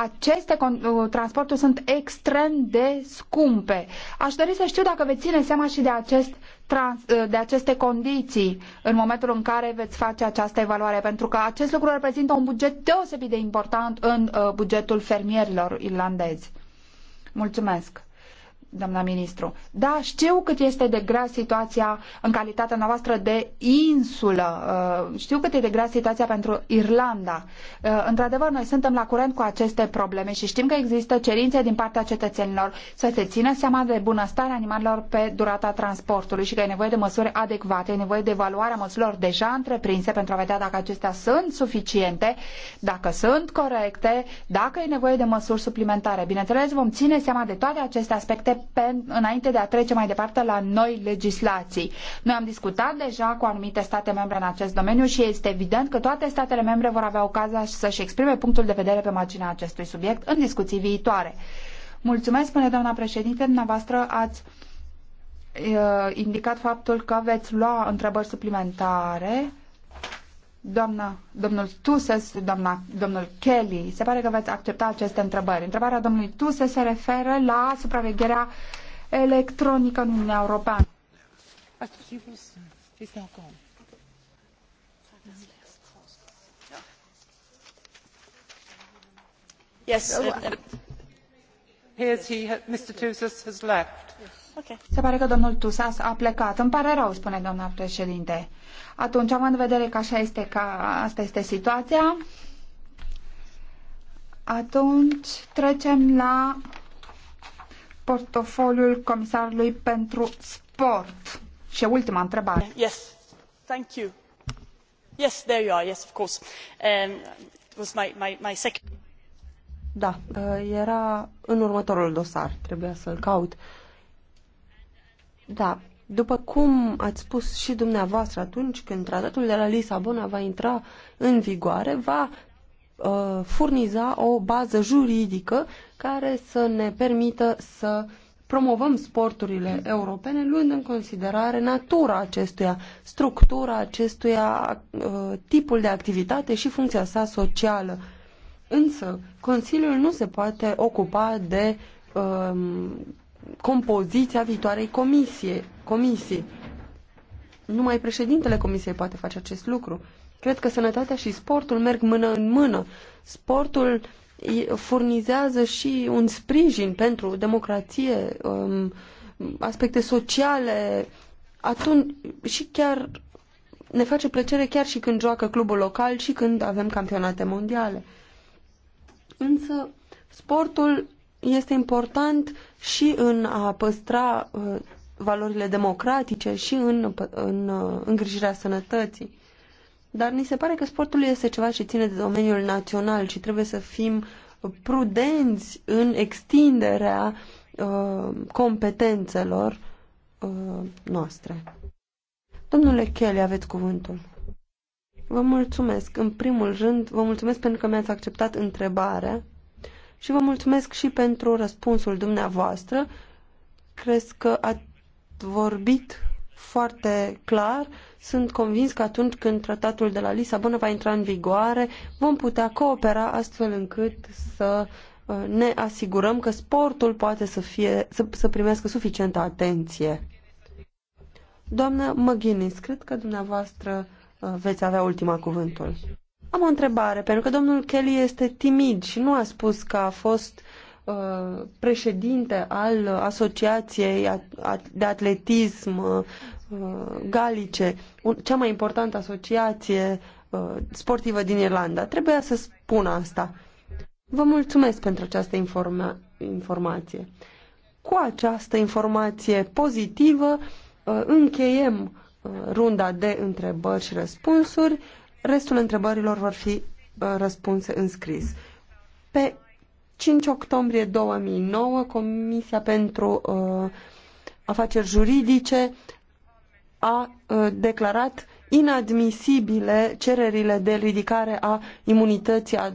aceste uh, transporturi sunt extrem de scumpe. Aș dori să știu dacă veți ține seama și de, acest trans, uh, de aceste condiții în momentul în care veți face această evaluare, pentru că acest lucru reprezintă un buget deosebit de important în uh, bugetul fermierilor irlandezi. Mulțumesc! doamna ministru. Da, știu cât este de grea situația în calitatea noastră de insulă. Uh, știu cât e de grea situația pentru Irlanda. Uh, într-adevăr, noi suntem la curent cu aceste probleme și știm că există cerințe din partea cetățenilor să se țină seama de bunăstarea animalelor pe durata transportului și că e nevoie de măsuri adecvate, e nevoie de evaluarea măsurilor deja întreprinse pentru a vedea dacă acestea sunt suficiente, dacă sunt corecte, dacă e nevoie de măsuri suplimentare. Bineînțeles, vom ține seama de toate aceste aspecte pe, înainte de a trece mai departe la noi legislații. Noi am discutat deja cu anumite state membre în acest domeniu și este evident că toate statele membre vor avea ocazia să-și exprime punctul de vedere pe marginea acestui subiect în discuții viitoare. Mulțumesc, spune doamna președinte, dumneavoastră ați uh, indicat faptul că veți lua întrebări suplimentare doamna, domnul Tuses, doamna, domnul Kelly, se pare că veți accepta aceste întrebări. Întrebarea domnului Tuses se referă la supravegherea electronică în Uniunea Europeană. Yes. uh, uh he, Mr. Tusas has left. Okay. Se pare că domnul Tusas a plecat. Îmi pare rău, spune doamna președinte. Atunci am în vedere că așa este, că asta este situația. Atunci trecem la portofoliul comisarului pentru sport. Și ultima întrebare. Yes, thank you. Yes, there you are. Yes, of course. Um, it was my, my, my second. Da, uh, era în următorul dosar. Trebuia să-l caut. Uh, da, după cum ați spus și dumneavoastră atunci când tratatul de la Lisabona va intra în vigoare, va uh, furniza o bază juridică care să ne permită să promovăm sporturile europene luând în considerare natura acestuia, structura acestuia, uh, tipul de activitate și funcția sa socială. Însă, Consiliul nu se poate ocupa de uh, compoziția viitoarei comisie, comisii. Numai președintele comisiei poate face acest lucru. Cred că sănătatea și sportul merg mână în mână. Sportul furnizează și un sprijin pentru democrație, um, aspecte sociale, atunci și chiar ne face plăcere chiar și când joacă clubul local și când avem campionate mondiale. Însă sportul este important și în a păstra uh, valorile democratice și în, în uh, îngrijirea sănătății. Dar ni se pare că sportul este ceva ce ține de domeniul național și trebuie să fim prudenți în extinderea uh, competențelor uh, noastre. Domnule Kelly, aveți cuvântul. Vă mulțumesc. În primul rând, vă mulțumesc pentru că mi-ați acceptat întrebarea și vă mulțumesc și pentru răspunsul dumneavoastră. Cred că ați vorbit foarte clar. Sunt convins că atunci când tratatul de la Lisabona va intra în vigoare, vom putea coopera astfel încât să uh, ne asigurăm că sportul poate să, fie, să, să primească suficientă atenție. Doamnă McGuinness, cred că dumneavoastră uh, veți avea ultima cuvântul. Am o întrebare, pentru că domnul Kelly este timid și nu a spus că a fost uh, președinte al Asociației de Atletism uh, Galice, cea mai importantă asociație uh, sportivă din Irlanda. Trebuia să spun asta. Vă mulțumesc pentru această informa informație. Cu această informație pozitivă uh, încheiem uh, runda de întrebări și răspunsuri. Restul întrebărilor vor fi uh, răspunse în scris. Pe 5 octombrie 2009, Comisia pentru uh, Afaceri Juridice a uh, declarat inadmisibile cererile de ridicare a imunității a